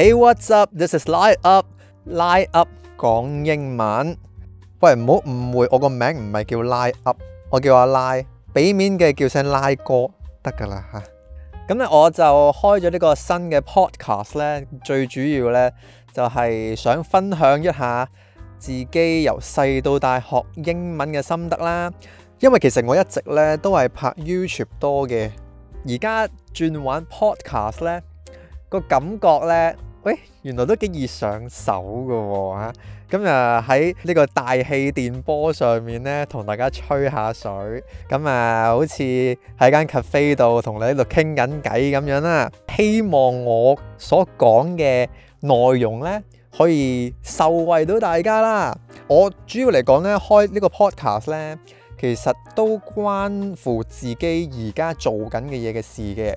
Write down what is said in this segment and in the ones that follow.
Hey，what's up？This is Lai UP，Lai UP 講 up，英文。喂，唔好誤會我，我個名唔係叫 Lai UP，我叫阿 Lai。俾面嘅叫聲拉哥得㗎啦吓。咁咧，我就開咗呢個新嘅 podcast 咧。最主要咧，就係、是、想分享一下自己由細到大學英文嘅心得啦。因為其實我一直咧都係拍 YouTube 多嘅，而家轉玩 podcast 咧、那個感覺咧。喂，原來都幾易上手噶喎嚇！咁啊，喺呢個大氣電波上面咧，同大家吹下水。咁、嗯、啊，好似喺間 cafe 度同你喺度傾緊偈咁樣啦、啊。希望我所講嘅內容咧，可以受惠到大家啦。我主要嚟講咧，開呢個 podcast 咧，其實都關乎自己而家做緊嘅嘢嘅事嘅。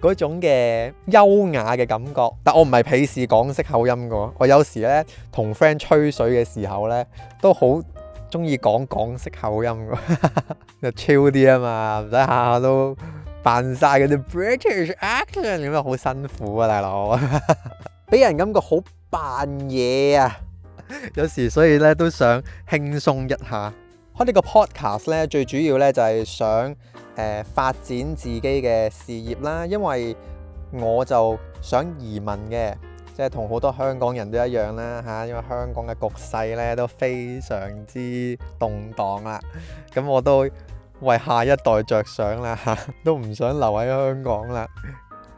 嗰 種嘅優雅嘅感覺，但我唔係鄙視港式口音噶，我有時咧同 friend 吹水嘅時候咧，都好中意講港式口音噶，就超啲啊嘛，唔使下下都扮晒嗰啲 British accent，咁樣好辛苦啊，大佬，俾 人感覺好扮嘢啊， 有時所以咧都想輕鬆一下。我呢個 podcast 咧，最主要咧就係想誒發展自己嘅事業啦，因為我就想移民嘅，即係同好多香港人都一樣啦嚇，因為香港嘅局勢咧都非常之動盪啦，咁我都為下一代着想啦嚇，都唔想留喺香港啦，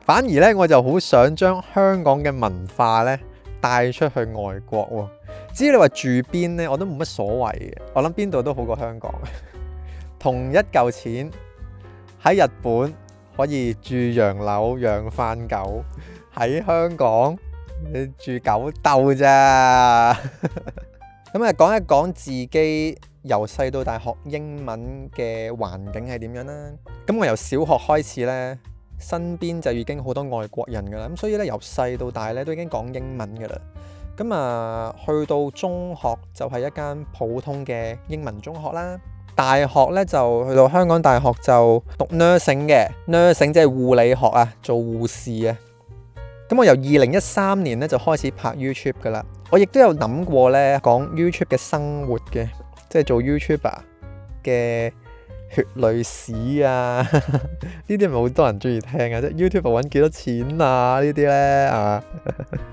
反而咧我就好想將香港嘅文化咧帶出去外國喎。知你話住邊咧，我都冇乜所謂嘅。我諗邊度都好過香港。同一嚿錢喺日本可以住洋樓養番狗，喺香港你住狗竇啫。咁啊，講一講自己由細到大學英文嘅環境係點樣啦。咁我由小學開始咧，身邊就已經好多外國人㗎啦。咁所以咧，由細到大咧都已經講英文㗎啦。咁啊，去到中學就係一間普通嘅英文中學啦。大學呢，就去到香港大學就讀 nursing 嘅，nursing 即係護理學啊，做護士啊。咁我由二零一三年呢，就開始拍 YouTube 噶啦。我亦都有諗過呢，講 YouTube 嘅生活嘅，即係做 YouTuber 嘅血淚史啊。呢啲咪好多人中意聽啊，即係 YouTuber 揾幾多錢啊？呢啲呢？啊。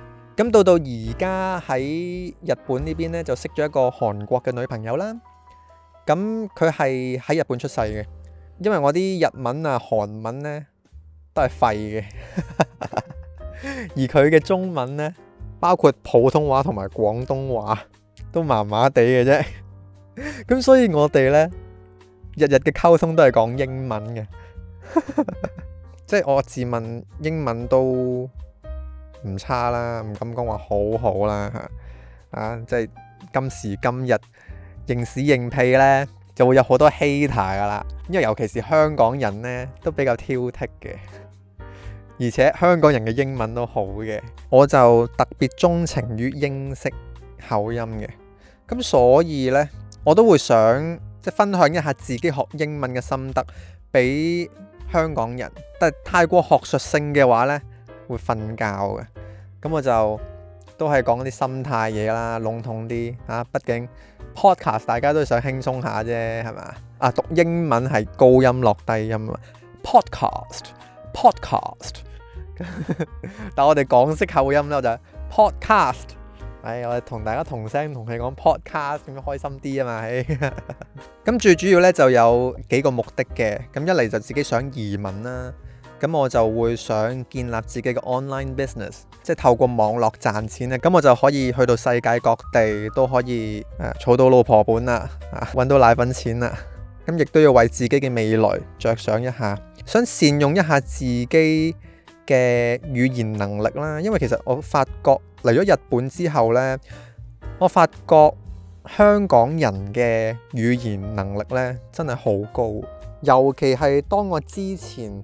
咁到到而家喺日本呢邊咧，就識咗一個韓國嘅女朋友啦。咁佢係喺日本出世嘅，因為我啲日文啊、韓文呢都係廢嘅， 而佢嘅中文呢，包括普通話同埋廣東話都麻麻地嘅啫。咁 所以我哋呢，日日嘅溝通都係講英文嘅，即 係我自問英文都。唔差啦，唔敢講話好好啦嚇，啊即係今時今日應屎應屁呢就會有好多欺 a t e 噶啦。因為尤其是香港人呢，都比較挑剔嘅，而且香港人嘅英文都好嘅，我就特別鍾情於英式口音嘅。咁所以呢，我都會想即分享一下自己學英文嘅心得，俾香港人。但係太過學術性嘅話呢，會瞓覺嘅。咁我就都係講啲心態嘢啦，籠統啲嚇、啊。畢竟 podcast 大家都想輕鬆下啫，係嘛？啊，讀英文係高音落低音啊嘛，podcast，podcast。Podcast, podcast. 但我哋港式口音咧，我就 podcast。哎，我哋同大家同聲同氣講 podcast，咁樣開心啲啊嘛。咁 最主要咧就有幾個目的嘅。咁一嚟就自己想移民啦。咁我就會想建立自己嘅 online business，即係透過網絡賺錢啊！咁我就可以去到世界各地，都可以誒，儲到老婆本啦，啊，揾到奶粉錢啦。咁亦都要為自己嘅未來着想一下，想善用一下自己嘅語言能力啦。因為其實我發覺嚟咗日本之後呢，我發覺香港人嘅語言能力呢真係好高，尤其係當我之前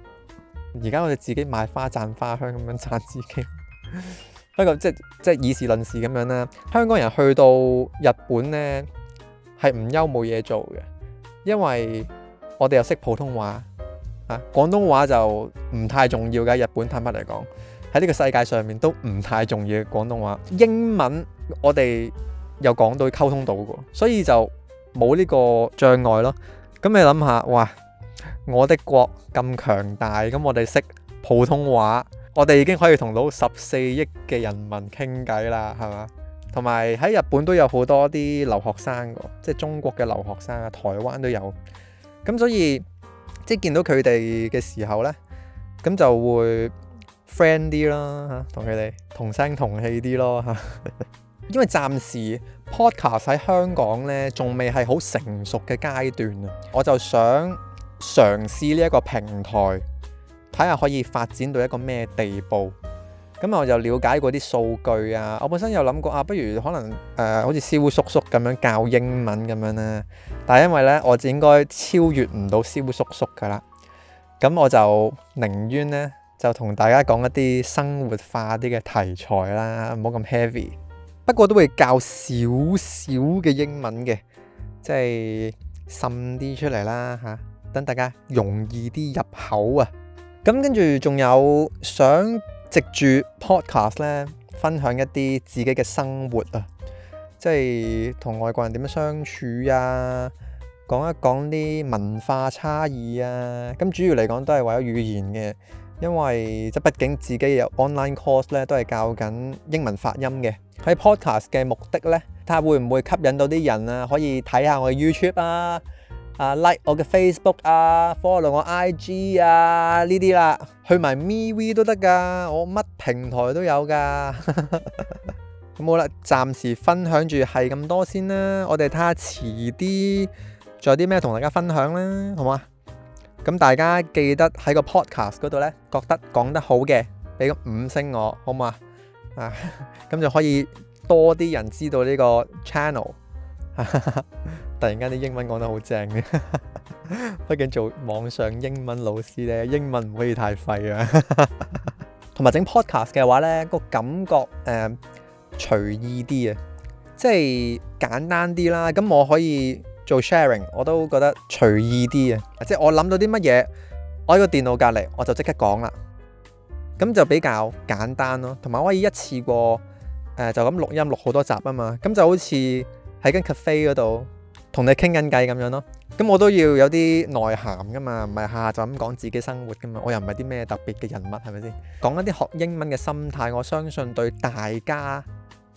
而家我哋自己買花讚花香，咁樣讚自己、 就是，不過即係即係以事論事咁樣啦。香港人去到日本呢，係唔憂冇嘢做嘅，因為我哋又識普通話啊，廣東話就唔太重要嘅。日本坦白嚟講，喺呢個世界上面都唔太重要嘅廣東話。英文我哋又講到溝通到嘅，所以就冇呢個障礙咯。咁你諗下，哇！我的國咁強大，咁我哋識普通話，我哋已經可以同到十四億嘅人民傾偈啦，係嘛？同埋喺日本都有好多啲留學生，即係中國嘅留學生啊，台灣都有咁，所以即係見到佢哋嘅時候呢，咁就會 friend 啲咯吓，同佢哋同聲同氣啲咯吓， 因為暫時 podcast 喺香港呢，仲未係好成熟嘅階段啊，我就想。嘗試呢一個平台，睇下可以發展到一個咩地步。咁我就了解過啲數據啊。我本身有諗過啊，不如可能誒、呃，好似蕭叔叔咁樣教英文咁樣咧。但係因為咧，我就應該超越唔到蕭叔叔㗎啦。咁我就寧願咧，就同大家講一啲生活化啲嘅題材啦，唔好咁 heavy。不過都會教少少嘅英文嘅，即係滲啲出嚟啦嚇。等大家容易啲入口啊！咁跟住仲有想藉住 podcast 咧，分享一啲自己嘅生活啊，即係同外國人點樣相處啊，講一講啲文化差異啊。咁主要嚟講都係為咗語言嘅，因為即畢竟自己有 online course 咧，都係教緊英文發音嘅。喺 podcast 嘅目的咧，睇下會唔會吸引到啲人啊，可以睇下我嘅 YouTube 啊。啊、uh, like 我嘅 Facebook 啊，follow 我 IG 啊呢啲啦，去埋 MeWe 都得噶，我乜平台都有噶。咁 好啦，暫時分享住係咁多先啦，我哋睇下遲啲仲有啲咩同大家分享啦，好嘛？咁大家記得喺個 Podcast 嗰度呢，覺得講得好嘅，俾個五星我，好嘛？啊，咁就可以多啲人知道呢個 channel。 突然間啲英文講得好正嘅， 畢竟做網上英文老師咧，英文唔可以太廢啊。 同埋整 podcast 嘅話呢、那個感覺呢個感覺誒、呃、隨意啲啊，即係簡單啲啦。咁我可以做 sharing，我都覺得隨意啲啊，即係我諗到啲乜嘢，我喺個電腦隔離我就即刻講啦。咁就比較簡單咯，同埋可以一次過誒、呃、就咁錄音錄好多集啊嘛。咁就好似喺間 cafe 嗰度。同你傾緊偈咁樣咯，咁我都要有啲內涵噶嘛，唔係下下就咁講自己生活噶嘛。我又唔係啲咩特別嘅人物，係咪先？講一啲學英文嘅心態，我相信對大家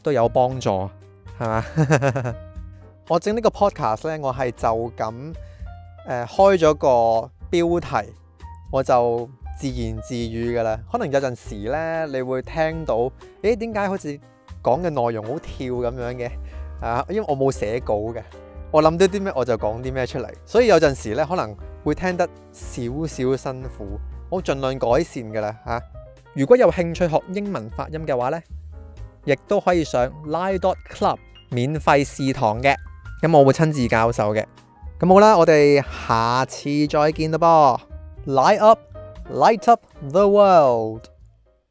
都有幫助，係嘛？ 我整呢個 podcast 咧，我係就咁誒開咗個標題，我就自言自語噶啦。可能有陣時咧，你會聽到，誒點解好似講嘅內容好跳咁樣嘅啊？因為我冇寫稿嘅。我諗到啲咩我就講啲咩出嚟，所以有陣時咧，可能會聽得少少辛苦，我盡量改善噶啦嚇。啊、如果有興趣學英文發音嘅話咧，亦都可以上 Lai Dot Club 免費試堂嘅，咁我會親自教授嘅。咁好啦，我哋下次再見啦噃。Light up, light up the world.